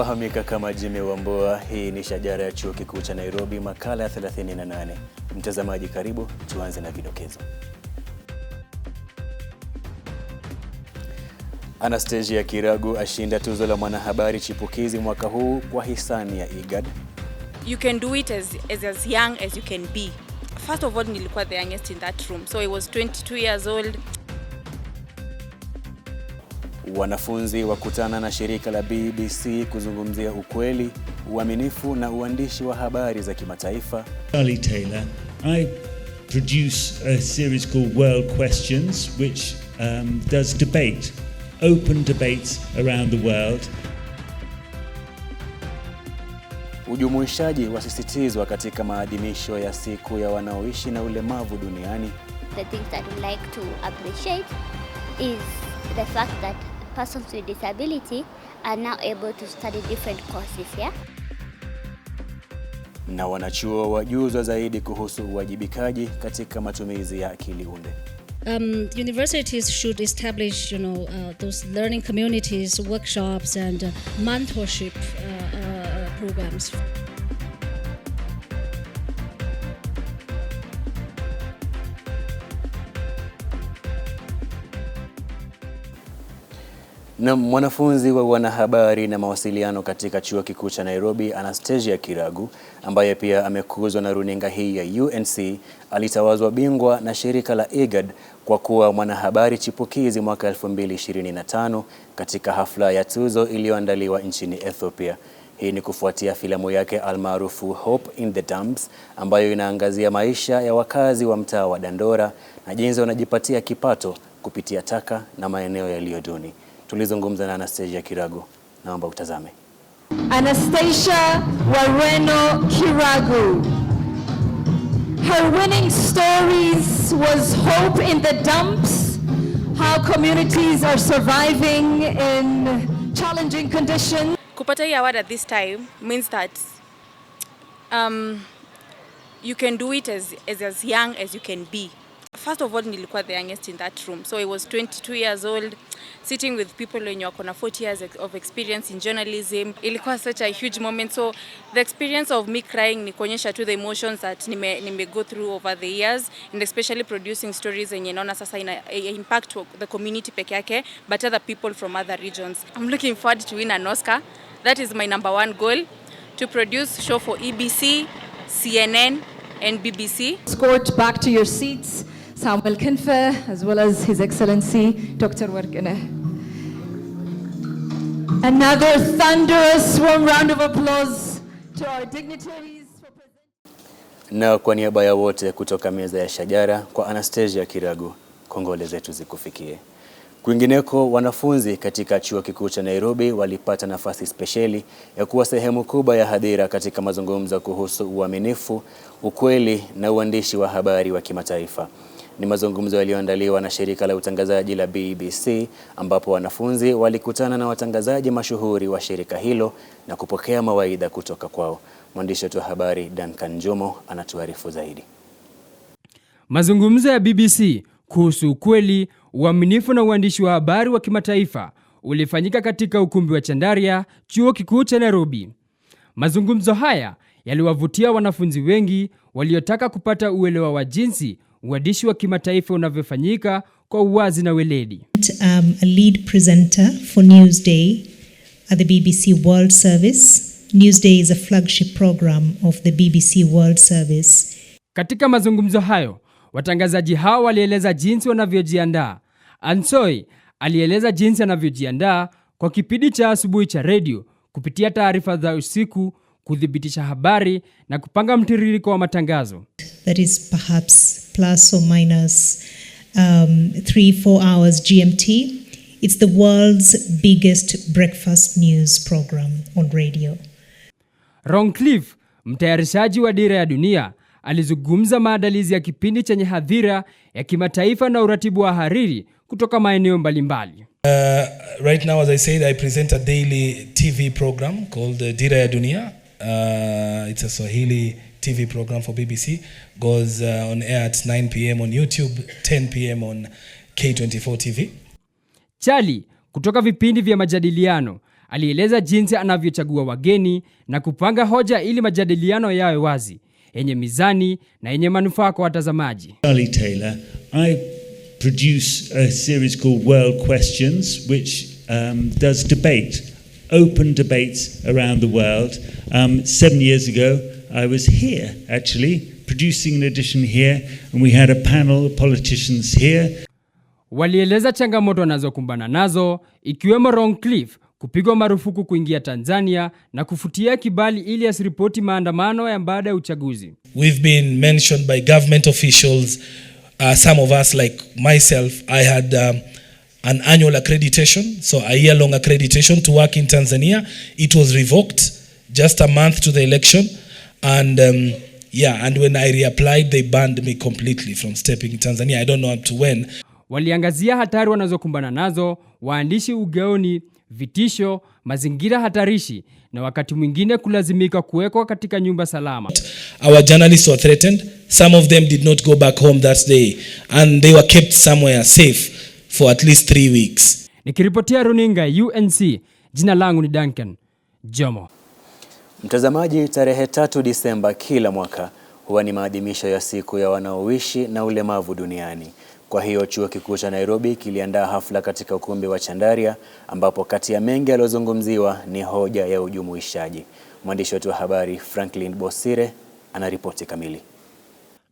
anafahamika kama Jimmy Wamboa. Hii ni Shajara ya Chuo Kikuu cha Nairobi, makala ya 38. Mtazamaji karibu, tuanze na vidokezo. Anastasia Kiragu ashinda tuzo la mwanahabari chipukizi mwaka huu kwa hisani ya IGAD. You can do it as, as, as young as you can be. First of all, nilikuwa the youngest in that room. So I was 22 years old. Wanafunzi wakutana na shirika la BBC kuzungumzia ukweli, uaminifu na uandishi wa habari za kimataifa. Charlie Taylor, I produce a series called World Questions which um, does debate, open debates around the world. Ujumuishaji wasisitizwa katika maadhimisho ya siku ya wanaoishi na ulemavu duniani. The things that we like to appreciate is the fact that persons with disability are now able to study different courses yeah? Na wanachuo wajuzwa zaidi kuhusu uwajibikaji katika matumizi ya akili unde. Um, universities should establish you know, uh, those learning communities, workshops and uh, mentorship uh, uh, programs. Na mwanafunzi wa wanahabari na mawasiliano katika Chuo Kikuu cha Nairobi, Anastasia Kiragu, ambaye pia amekuzwa na runinga hii ya UNC, alitawazwa bingwa na shirika la IGAD kwa kuwa mwanahabari chipukizi mwaka 2025 katika hafla ya tuzo iliyoandaliwa nchini Ethiopia. Hii ni kufuatia filamu yake almaarufu Hope in the Dumps ambayo inaangazia maisha ya wakazi wa mtaa wa Dandora na jinsi wanajipatia kipato kupitia taka na maeneo yaliyo duni tulizungumza na Anastasia Kiragu, naomba utazame. Anastasia Wareno Kiragu. Her winning stories was hope in the dumps, how communities are surviving in challenging conditions. Kupata hii award at this time means that um, you can do it as, as, as young as you can be. First of all, nilikuwa the youngest in that room. So I was 22 years old sitting with people wenye wako na 40 years of experience in journalism. Ilikuwa such a huge moment. So the experience of me crying ni kuonyesha tu the emotions that nime, nime go through over the years and especially producing stories yenye naona sasa ina eh, impact the community peke yake but other people from other regions. I'm looking forward to win an Oscar. That is my number one goal to produce show for EBC, CNN and BBC. Escort back to your seats. Samuel Kinfer, as well as His Excellency Dr. Warkine. Another thunderous warm round of applause to our dignitaries. Na kwa niaba ya wote kutoka meza ya Shajara, kwa Anastasia Kiragu, kongole zetu zikufikie. Kwingineko, wanafunzi katika Chuo Kikuu cha Nairobi walipata nafasi spesheli ya kuwa sehemu kubwa ya hadhira katika mazungumzo kuhusu uaminifu, ukweli na uandishi wa habari wa kimataifa. Ni mazungumzo yaliyoandaliwa na shirika la utangazaji la BBC ambapo wanafunzi walikutana na watangazaji mashuhuri wa shirika hilo na kupokea mawaidha kutoka kwao. Mwandishi wetu wa habari Duncan jumo anatuarifu zaidi. Mazungumzo ya BBC kuhusu ukweli, uaminifu na uandishi wa habari wa kimataifa ulifanyika katika ukumbi wa Chandaria, chuo kikuu cha Nairobi. Mazungumzo haya yaliwavutia wanafunzi wengi waliotaka kupata uelewa wa jinsi uandishi wa kimataifa unavyofanyika kwa uwazi na weledi. Um, a lead presenter for Newsday at the BBC World Service. Newsday is a flagship program of the BBC World Service. Katika mazungumzo hayo, watangazaji hao walieleza jinsi wanavyojiandaa. Ansoi alieleza jinsi anavyojiandaa kwa kipindi cha asubuhi cha redio kupitia taarifa za usiku kuthibitisha habari na kupanga mtiririko wa matangazo. That is perhaps plus or minus um, hours GMT. It's the world's biggest breakfast news program on radio. Roncliffe, mtayarishaji wa Dira ya Dunia, alizungumza maandalizi ya kipindi chenye hadhira ya kimataifa na uratibu wa hariri kutoka maeneo mbalimbali. Uh, right now as I said I present a daily TV program called uh, Dira ya Dunia Uh, it's a Swahili TV program for BBC. Goes uh, on air at 9 p.m. on YouTube, 10 p.m. on K24 TV. Charlie kutoka vipindi vya majadiliano alieleza jinsi anavyochagua wageni na kupanga hoja ili majadiliano yawe wazi, yenye mizani na yenye manufaa kwa watazamaji. Charlie Taylor, I produce a series called World Questions which um, does debate open debates around the world. Um, seven years ago, I was here, actually, producing an edition here, and we had a panel of politicians here. Walieleza changamoto wanazokumbana nazo ikiwemo Cliff kupigwa marufuku kuingia Tanzania na kufutia kibali ili asiripoti maandamano ya baada ya uchaguzi. We've been mentioned by government officials, uh, some of us like myself, I had um, an annual accreditation, so a year-long accreditation to work in Tanzania. It was revoked just a month to the election. And um, yeah, and when I reapplied, they banned me completely from stepping in Tanzania. I don't know up to when. Waliangazia hatari wanazokumbana nazo waandishi ugeoni, vitisho, mazingira hatarishi na wakati mwingine kulazimika kuwekwa katika nyumba salama. Our journalists were threatened. Some of them did not go back home that day and they were kept somewhere safe for at least three weeks. Nikiripotia runinga UNC, jina langu ni Duncan Jomo. Mtazamaji, tarehe tatu Disemba kila mwaka huwa ni maadhimisho ya siku ya wanaoishi na ulemavu duniani. Kwa hiyo chuo kikuu cha Nairobi kiliandaa hafla katika ukumbi wa Chandaria ambapo kati ya mengi yaliyozungumziwa ni hoja ya ujumuishaji. Mwandishi wetu wa habari Franklin Bosire anaripoti kamili.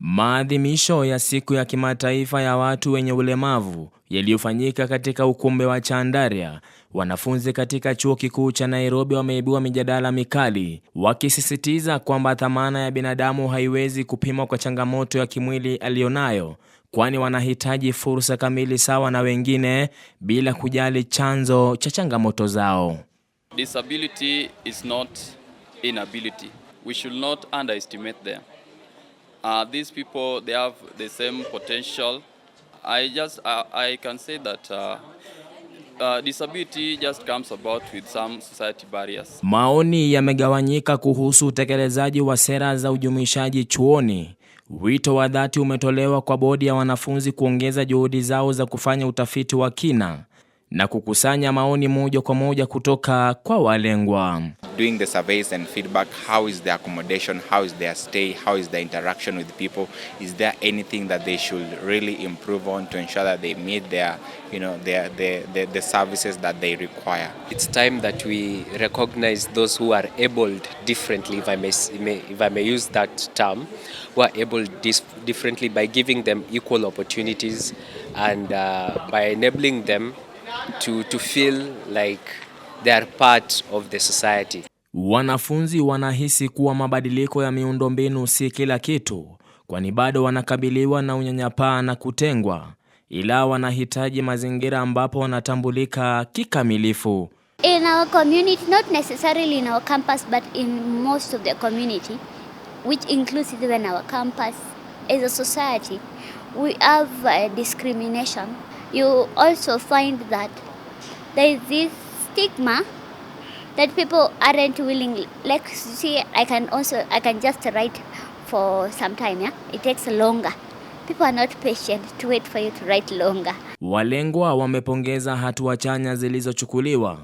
Maadhimisho ya siku ya kimataifa ya watu wenye ulemavu yaliyofanyika katika ukumbi wa Chandaria, wanafunzi katika chuo kikuu cha Nairobi wameibua mijadala mikali, wakisisitiza kwamba thamana ya binadamu haiwezi kupimwa kwa changamoto ya kimwili aliyonayo, kwani wanahitaji fursa kamili sawa na wengine bila kujali chanzo cha changamoto zao. Disability is not inability. We should not underestimate them. Uh, these people they have the same potential. I just uh, I can say that uh, Uh, disability just comes about with some society barriers. Maoni yamegawanyika kuhusu utekelezaji wa sera za ujumuishaji chuoni. Wito wa dhati umetolewa kwa bodi ya wanafunzi kuongeza juhudi zao za kufanya utafiti wa kina na kukusanya maoni moja kwa moja kutoka kwa walengwa. Doing the surveys and feedback, how is their accommodation, how is their stay, how is their interaction with people? Is there anything that they should really improve on to ensure that they meet their, you know, their, their, their, the services that they require? It's time that we recognize those who are abled differently, if I may, if I may use that term, who are abled differently by giving them equal opportunities and uh, by enabling them to, to feel like they are part of the society. Wanafunzi wanahisi kuwa mabadiliko ya miundombinu si kila kitu, kwani bado wanakabiliwa na unyanyapaa na kutengwa, ila wanahitaji mazingira ambapo wanatambulika kikamilifu. In our community, not necessarily in our campus, but in most of the community, which includes even our campus, as a society, we have a uh, discrimination you also find that there is this stigma that people aren't willing like see i can also i can just write for some time yeah it takes longer People are not patient to wait for you to write longer. Walengwa wamepongeza hatua chanya zilizochukuliwa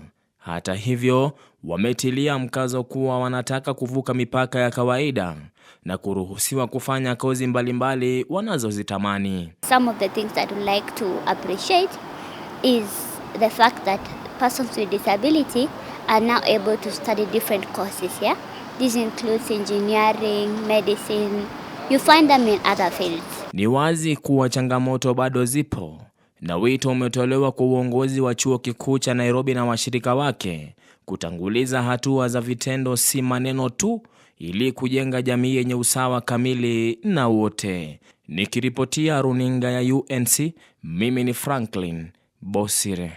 hata hivyo, wametilia mkazo kuwa wanataka kuvuka mipaka ya kawaida na kuruhusiwa kufanya kozi mbalimbali wanazozitamani. Some of the things I would like to appreciate is the fact that persons with disability are now able to study different courses here. This includes engineering, medicine. You find them in other fields. Ni wazi kuwa changamoto bado zipo na wito umetolewa kwa uongozi wa chuo kikuu cha Nairobi na washirika wake kutanguliza hatua za vitendo, si maneno tu, ili kujenga jamii yenye usawa kamili na wote. Nikiripotia runinga ya UNC, mimi ni Franklin Bosire.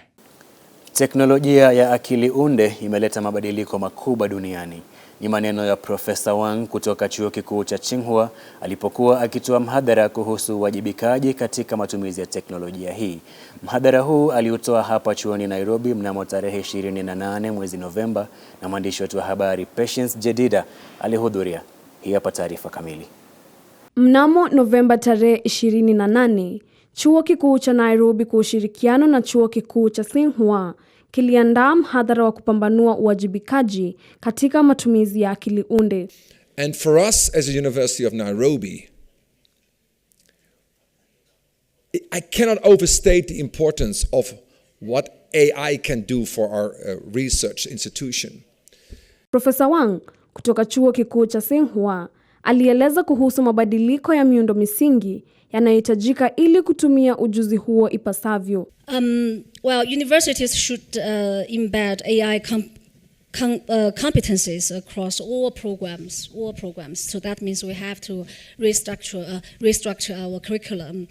Teknolojia ya akili unde imeleta mabadiliko makubwa duniani. Ni maneno ya Profesa Wang kutoka Chuo Kikuu cha Tsinghua alipokuwa akitoa mhadhara kuhusu uwajibikaji katika matumizi ya teknolojia hii. Mhadhara huu aliutoa hapa chuoni Nairobi mnamo tarehe 28 mwezi Novemba, na mwandishi wetu wa habari Patience Jedida alihudhuria. Hii hapa taarifa kamili. Mnamo Novemba tarehe 28, Chuo Kikuu cha Nairobi kwa ushirikiano na Chuo Kikuu cha Tsinghua kiliandaa mhadhara wa kupambanua uwajibikaji katika matumizi ya akili unde. And for us as a University of Nairobi, I cannot overstate the importance of what AI can do for our uh, research institution. Profesa Wang kutoka Chuo Kikuu cha Tsinghua Alieleza kuhusu mabadiliko ya miundo misingi yanayohitajika ili kutumia ujuzi huo ipasavyo. Um, well, universities should uh, embed AI com com uh, competencies across all programs, all programs. So that means we have to restructure, uh, restructure our curriculum.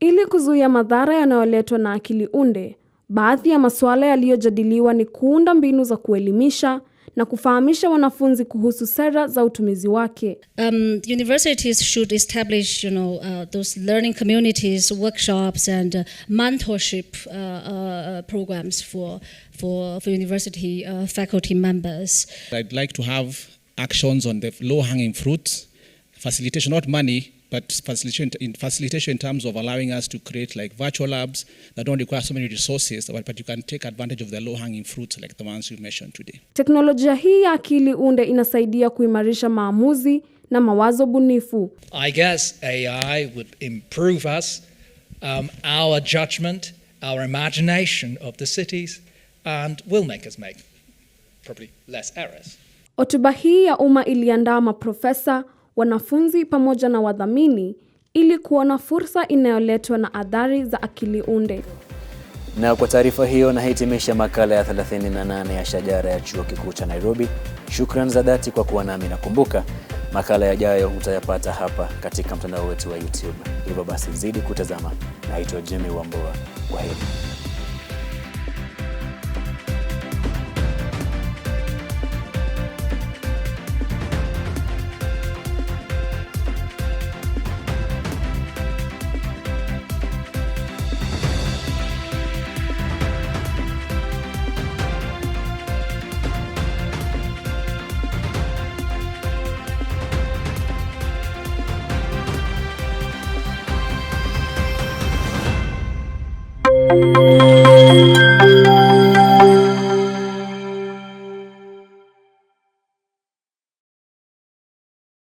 Ili kuzuia madhara yanayoletwa na akili unde, baadhi ya masuala yaliyojadiliwa ni kuunda mbinu za kuelimisha na kufahamisha wanafunzi kuhusu sera za utumizi wake. Um, universities should establish, you know, uh, those learning communities, workshops and uh, mentorship uh, uh, programs for, for, for university uh, faculty members. I'd like to have actions on the low hanging fruit, facilitation, not money but facilitation in facilitation in terms of allowing us to create like virtual labs that don't require so many resources but, but you can take advantage of the low hanging fruits like the ones you mentioned today. Teknolojia hii ya akili unde inasaidia kuimarisha maamuzi na mawazo bunifu. I guess AI would improve us um, our judgment, our imagination of the cities and will make us make probably less errors. Hotuba hii ya umma iliandaa maprofesa wanafunzi pamoja na wadhamini ili kuona fursa inayoletwa na athari za akili unde. Na kwa taarifa hiyo nahitimisha makala ya 38 ya Shajara ya Chuo Kikuu cha Nairobi. Shukran za dhati kwa kuwa nami, na kumbuka makala yajayo utayapata hapa katika mtandao wetu wa YouTube. Hivyo basi zidi kutazama. Naitwa Jimmy Wambua, kwa heri.